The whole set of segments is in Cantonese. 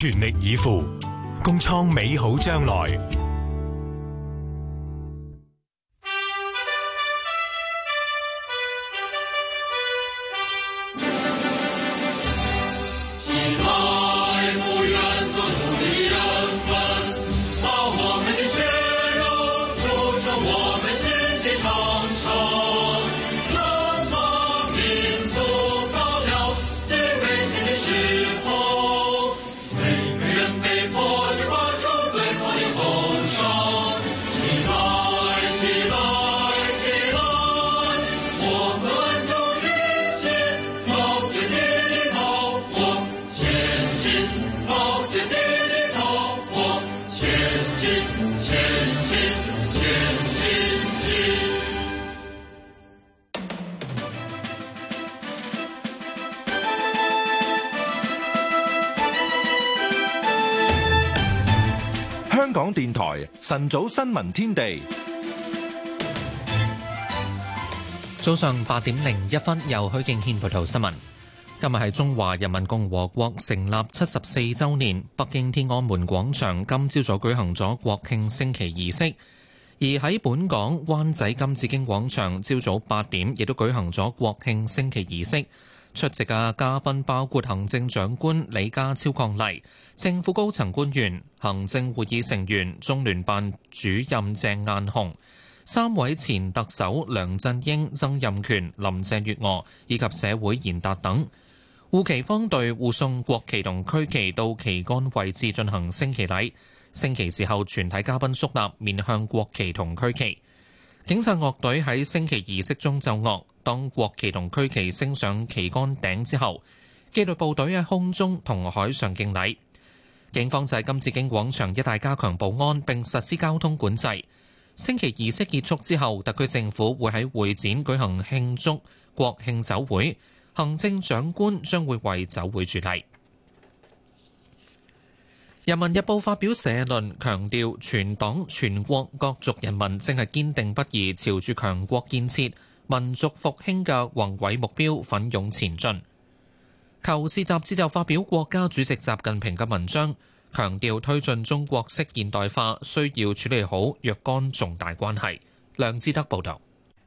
全力以赴，共創美好將來。香港電台晨早新聞天地，早上八點零一分由許敬軒報道新聞。今日係中華人民共和國成立七十四週年，北京天安門廣場今朝早舉行咗國慶升旗儀式，而喺本港灣仔金紫荊廣場，朝早八點亦都舉行咗國慶升旗儀式。出席嘅嘉賓包括行政長官李家超伉儷，政府高層官員、行政會議成員、中聯辦主任鄭雁雄、三位前特首梁振英、曾蔭權、林鄭月娥，以及社會賢達等。護旗方隊護送國旗同區旗到旗杆位置進行升旗禮。升旗時候，全體嘉賓肅立，面向國旗同區旗。警察樂隊喺升旗儀式中奏樂，當國旗同區旗升上旗杆頂之後，紀律部隊喺空中同海上敬禮。警方就喺金紫荊廣場一帶加強保安並實施交通管制。升旗儀式結束之後，特區政府會喺會展舉行慶祝國慶酒會，行政長官將會為酒會主禮。《人民日報》發表社論，強調全黨全國各族人民正係堅定不移朝住強國建設、民族復興嘅宏偉目標奮勇前進。《求是》雜誌就發表國家主席習近平嘅文章，強調推進中國式現代化需要處理好若干重大關係。梁志德報道。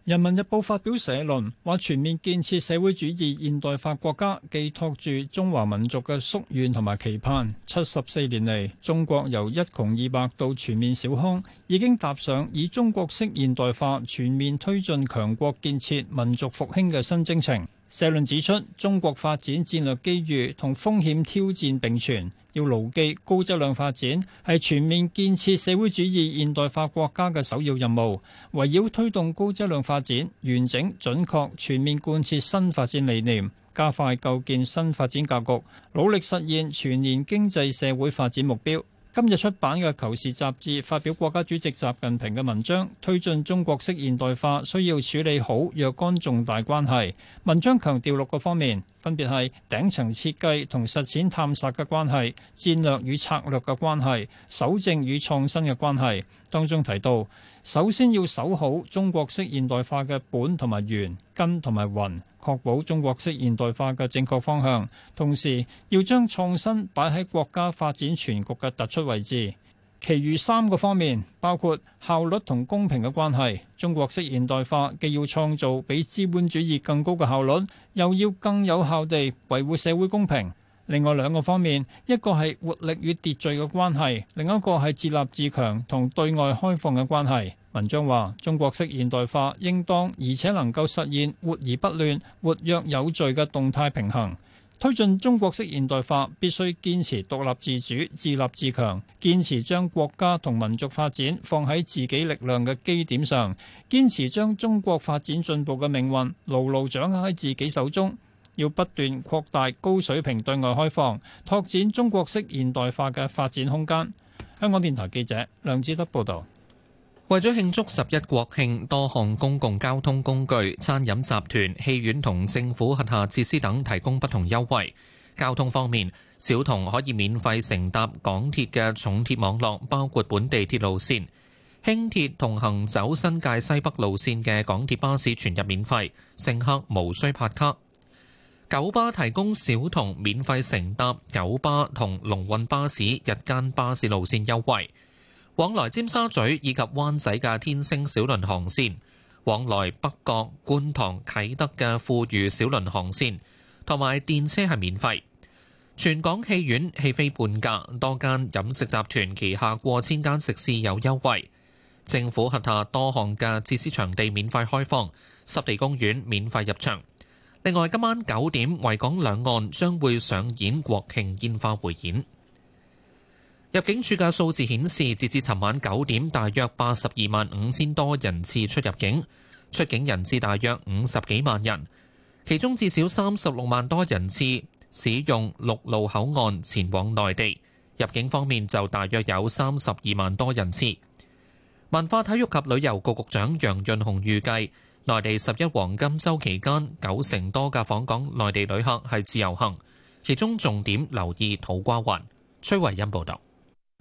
《人民日報》發表社論話：全面建設社會主義現代化國家，寄託住中華民族嘅夙願同埋期盼。七十四年嚟，中國由一窮二白到全面小康，已經踏上以中國式現代化全面推進強國建設、民族復興嘅新征程。社論指出，中國發展戰略機遇同風險挑戰並存，要牢記高質量發展係全面建設社會主義現代化國家嘅首要任務。圍繞推動高質量發展，完整、準確、全面貫徹新發展理念，加快構建新發展格局，努力實現全年經濟社會發展目標。今日出版嘅《求是》雜誌發表國家主席習近平嘅文章，推進中國式現代化需要處理好若干重大關係。文章強調六個方面，分別係頂層設計同實踐探索嘅關係、戰略與策略嘅關係、守正與創新嘅關係。當中提到，首先要守好中國式現代化嘅本同埋源、根同埋魂，確保中國式現代化嘅正確方向。同時，要將創新擺喺國家發展全局嘅突出位置。其餘三個方面包括效率同公平嘅關係。中國式現代化既要創造比資本主義更高嘅效率，又要更有效地維護社會公平。另外兩個方面，一個係活力與秩序嘅關係，另一個係自立自強同對外開放嘅關係。文章話：中國式現代化應當而且能夠實現活而不亂、活躍有序嘅動態平衡。推進中國式現代化，必須堅持獨立自主、自立自強，堅持將國家同民族發展放喺自己力量嘅基點上，堅持將中國發展進步嘅命運牢牢掌握喺自己手中。要不斷擴大高水平對外開放，拓展中國式現代化嘅發展空間。香港電台記者梁志德報道。為咗慶祝十一國慶，多項公共交通工具、餐飲集團、戲院同政府轄下設施等提供不同優惠。交通方面，小童可以免費乘搭港鐵嘅重鐵網絡，包括本地鐵路線、輕鐵同行走新界西北路線嘅港鐵巴士全日免費，乘客無需拍卡。九巴提供小童免費乘搭九巴同龍運巴士日間巴士路線優惠，往來尖沙咀以及灣仔嘅天星小輪航線，往來北角、觀塘、啟德嘅富裕小輪航線，同埋電車係免費。全港戲院戲飛半價，多間飲食集團旗下過千間食肆有優惠。政府轄下多項嘅設施場地免費開放，濕地公園免費入場。另外，今晚九點，維港兩岸將會上演國慶煙花匯演。入境處嘅數字顯示，截至尋晚九點，大約八十二萬五千多人次出入境，出境人次大約五十幾萬人，其中至少三十六萬多人次使用陸路口岸前往內地。入境方面就大約有三十二萬多人次。文化體育及旅遊局局長楊潤雄預計。內地十一黃金周期間，九成多嘅訪港內地旅客係自由行，其中重點留意土瓜灣。崔惠恩報道：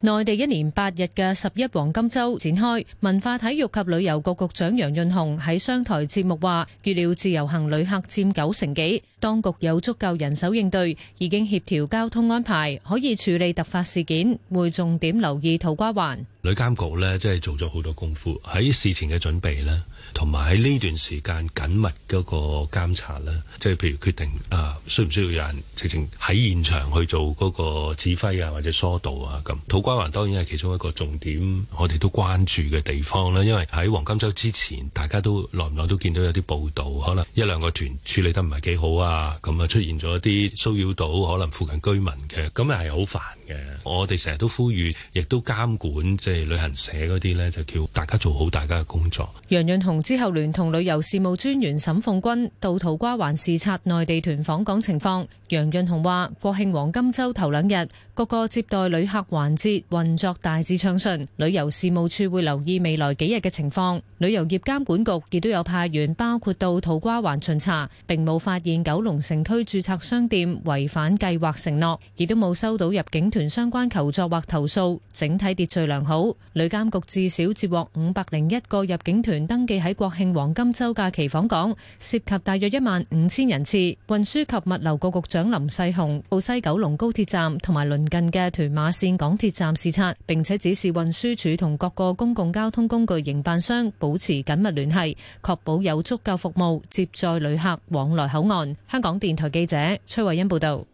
內地一年八日嘅十一黃金周展開，文化體育及旅遊局局長楊潤雄喺商台節目話，預料自由行旅客占九成幾，當局有足夠人手應對，已經協調交通安排，可以處理突發事件，會重點留意土瓜灣。旅監局呢，真係做咗好多功夫喺事前嘅準備呢。同埋喺呢段時間緊密嗰個監察啦，即係譬如決定啊，需唔需要有人直情喺現場去做嗰個指揮啊，或者疏導啊咁。土瓜灣當然係其中一個重點，我哋都關注嘅地方啦。因為喺黃金周之前，大家都耐唔耐都見到有啲報道，可能一兩個團處理得唔係幾好啊，咁啊出現咗一啲騷擾到可能附近居民嘅，咁係好煩嘅。我哋成日都呼籲亦都監管即係旅行社嗰啲咧，就叫大家做好大家嘅工作。楊潤同之後聯同旅遊事務專員沈鳳君到土瓜灣視察內地團訪港情況。楊潤雄話：國慶黃金周頭兩日，各個接待旅客環節運作大致暢順，旅遊事務署會留意未來幾日嘅情況。旅遊業監管局亦都有派員包括到土瓜灣巡查，並冇發現九龍城區註冊商店違反計劃承諾，亦都冇收到入境團相關求助或投訴，整體秩序良好。旅監局至少接獲五百零一個入境團登記喺國慶黃金周假期訪港，涉及大約一萬五千人次。運輸及物流局局長。等林世雄到西九龍高鐵站同埋鄰近嘅屯馬綫港鐵站視察，並且指示運輸署同各個公共交通工具營辦商保持緊密聯繫，確保有足夠服務接載旅客往來口岸。香港電台記者崔慧欣報道。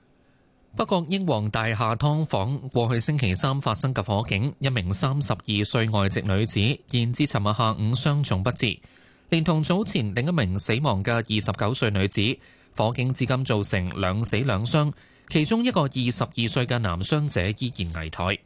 北角英皇大廈劏房過去星期三發生嘅火警，一名三十二歲外籍女子延至尋日下午傷重不治，連同早前另一名死亡嘅二十九歲女子。火警至今造成兩死兩傷，其中一個二十二歲嘅男傷者依然危殆。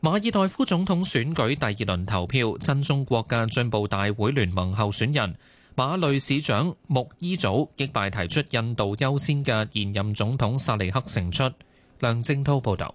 馬爾代夫總統選舉第二輪投票，親中國嘅進步大會聯盟候選人馬累市長穆伊祖擊敗提出印度優先嘅現任總統薩利克勝出。梁正滔報導。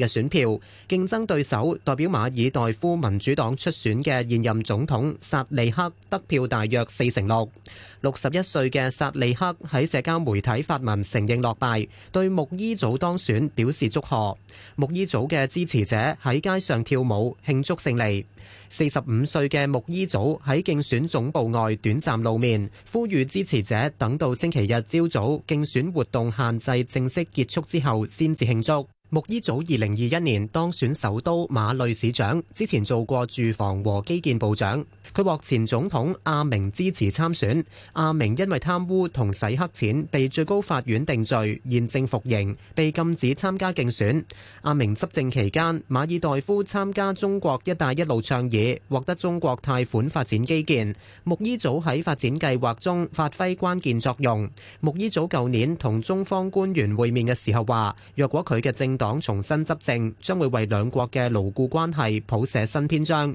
嘅選票競爭對手代表馬爾代夫民主黨出選嘅現任總統薩利克得票大約四成六。六十一歲嘅薩利克喺社交媒體發文承認落敗，對穆伊祖當選表示祝賀。穆伊祖嘅支持者喺街上跳舞慶祝勝利。四十五歲嘅穆伊祖喺競選總部外短暫露面，呼籲支持者等到星期日朝早競選活動限制正式結束之後先至慶祝。穆伊祖二零二一年當選首都馬累市長，之前做過住房和基建部長。佢獲前總統阿明支持參選。阿明因為貪污同洗黑錢，被最高法院定罪，現正服刑，被禁止參加競選。阿明執政期間，馬爾代夫參加中國“一帶一路”倡議，獲得中國貸款發展基建。穆伊祖喺發展計劃中發揮關鍵作用。穆伊祖舊年同中方官員會面嘅時候話：若果佢嘅政黨重新執政將會為兩國嘅牢固關係譜寫新篇章。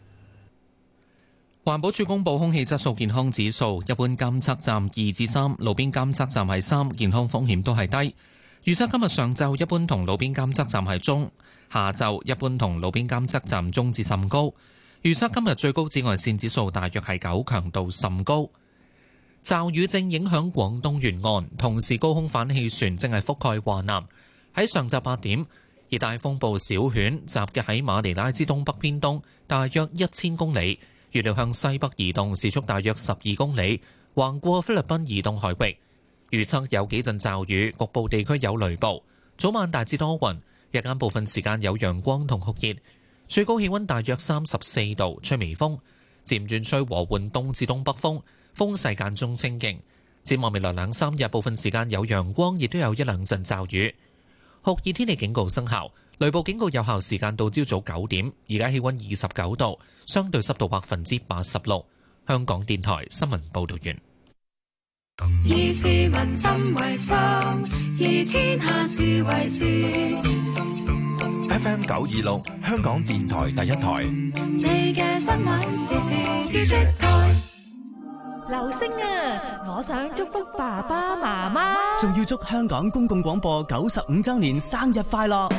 環保署公布空氣質素健康指數，一般監測站二至三，3，路邊監測站係三，健康風險都係低。預測今日上晝一般同路邊監測站係中，下晝一般同路邊監測站中至甚高。預測今日最高紫外線指數大約係九，強度甚高。驟雨正影響廣東沿岸，同時高空反氣旋正係覆蓋華南。喺上晝八點，熱帶風暴小犬集結喺馬尼拉之東北偏東，大約一千公里。預料向西北移動，時速大約十二公里，橫過菲律賓移動海域。預測有幾陣驟雨，局部地區有雷暴。早晚大致多雲，日間部分時間有陽光同酷熱，最高氣溫大約三十四度，吹微風，漸轉吹和緩東至東北風，風勢間中清勁。展望未來兩三日，部分時間有陽光，亦都有一兩陣驟雨。酷熱天氣警告生效。雷暴警告有效時間到朝早九點。而家氣温二十九度，相對濕度百分之八十六。香港電台新聞報道完。F.M. 九二六，香港電台第一台。你嘅新聞時時知識台。流星啊！我想祝福爸爸媽媽，仲要祝香港公共廣播九十五周年生日快樂。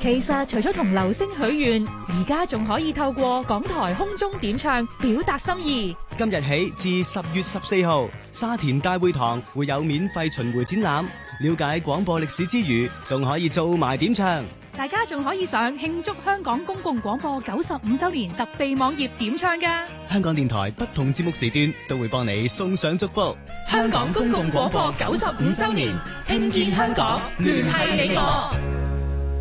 其實除咗同流星許願，而家仲可以透過港台空中點唱表達心意。今日起至十月十四號，沙田大會堂會有免費巡迴展覽，了解廣播歷史之餘，仲可以做埋點唱。大家仲可以上慶祝香港公共廣播九十五周年特備網頁點唱噶。香港電台不同節目時段都會幫你送上祝福。香港公共廣播九十五周年，聽見香港，聯繫你我。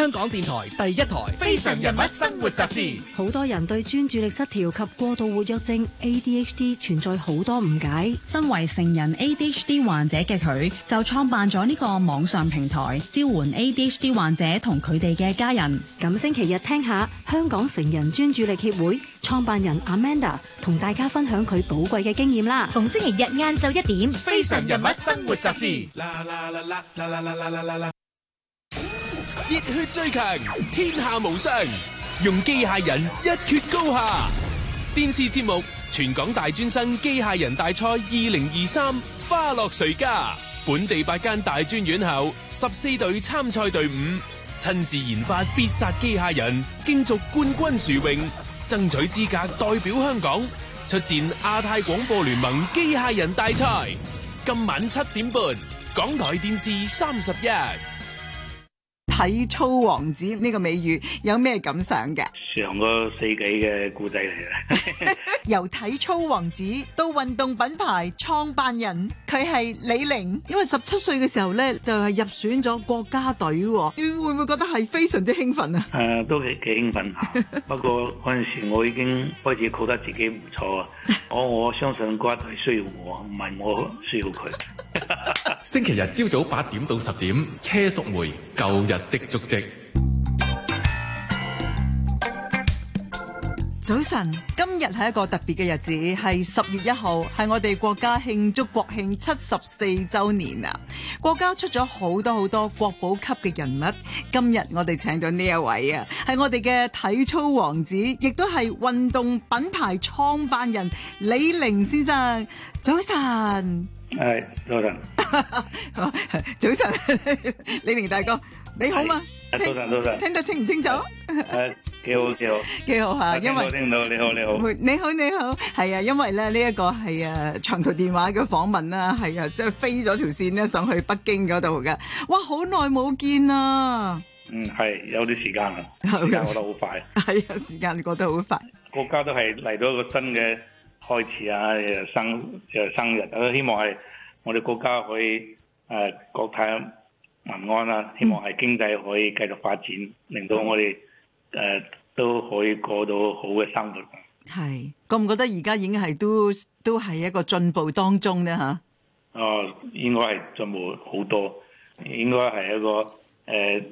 香港電台第一台《非常人物生活雜誌》，好多人對專注力失調及過度活躍症 （ADHD） 存在好多誤解。身為成人 ADHD 患者嘅佢，就創辦咗呢個網上平台，召喚 ADHD 患者同佢哋嘅家人。咁星期日聽下香港成人專注力協會創辦人 Amanda 同大家分享佢寶貴嘅經驗啦。逢星期日晏晝一點，《非常人物生活雜誌》。熱血最強，天下無雙，用機械人一決高下。電視節目《全港大專生機械人大賽2023花落誰家》，本地八間大專院校十四隊參賽隊伍親自研發必殺機械人，競逐冠軍殊榮，爭取資格代表香港出戰亞太廣播聯盟機械人大賽。今晚七點半，港台電視三十一。體操王子呢個美譽有咩感想嘅？上個世紀嘅故仔嚟嘅。由體操王子到運動品牌創辦人，佢係李寧。因為十七歲嘅時候咧，就係、是、入選咗國家隊、哦。你會唔會覺得係非常之興奮啊？誒、啊，都幾興奮、啊。 不過嗰陣時我已經開始覺得自己唔錯啊！ 我我相信國家隊需要我，唔係我需要佢。 星期日朝早八點到十點，車淑梅舊日的足跡。早晨，今日係一個特別嘅日子，係十月一號，係我哋國家慶祝國慶七十四週年啊！國家出咗好多好多國寶級嘅人物。今日我哋請到呢一位啊，係我哋嘅體操王子，亦都係運動品牌創辦人李寧先生。早晨，係早晨。早晨，李明大哥，你好嘛？早晨，早晨，聽得清唔清楚？誒，幾好，幾好，幾好吓，因為聽到你好，你好，你好，你好，係啊，因為咧呢一個係誒長途電話嘅訪問啦，係啊，即係飛咗條線咧上去北京嗰度嘅，哇，好耐冇見啊。嗯，係有啲時間啊，時間過得好快。係啊，時間過得好快。國家都係嚟到一個新嘅開始啊，生生日，我希望係。我哋國家可以誒、呃、國泰民安啦，希望係經濟可以繼續發展，嗯、令到我哋誒、呃、都可以過到好嘅生活。係，覺唔覺得而家已經係都都係一個進步當中咧嚇？哦、呃，應該係進步好多，應該係一個誒。呃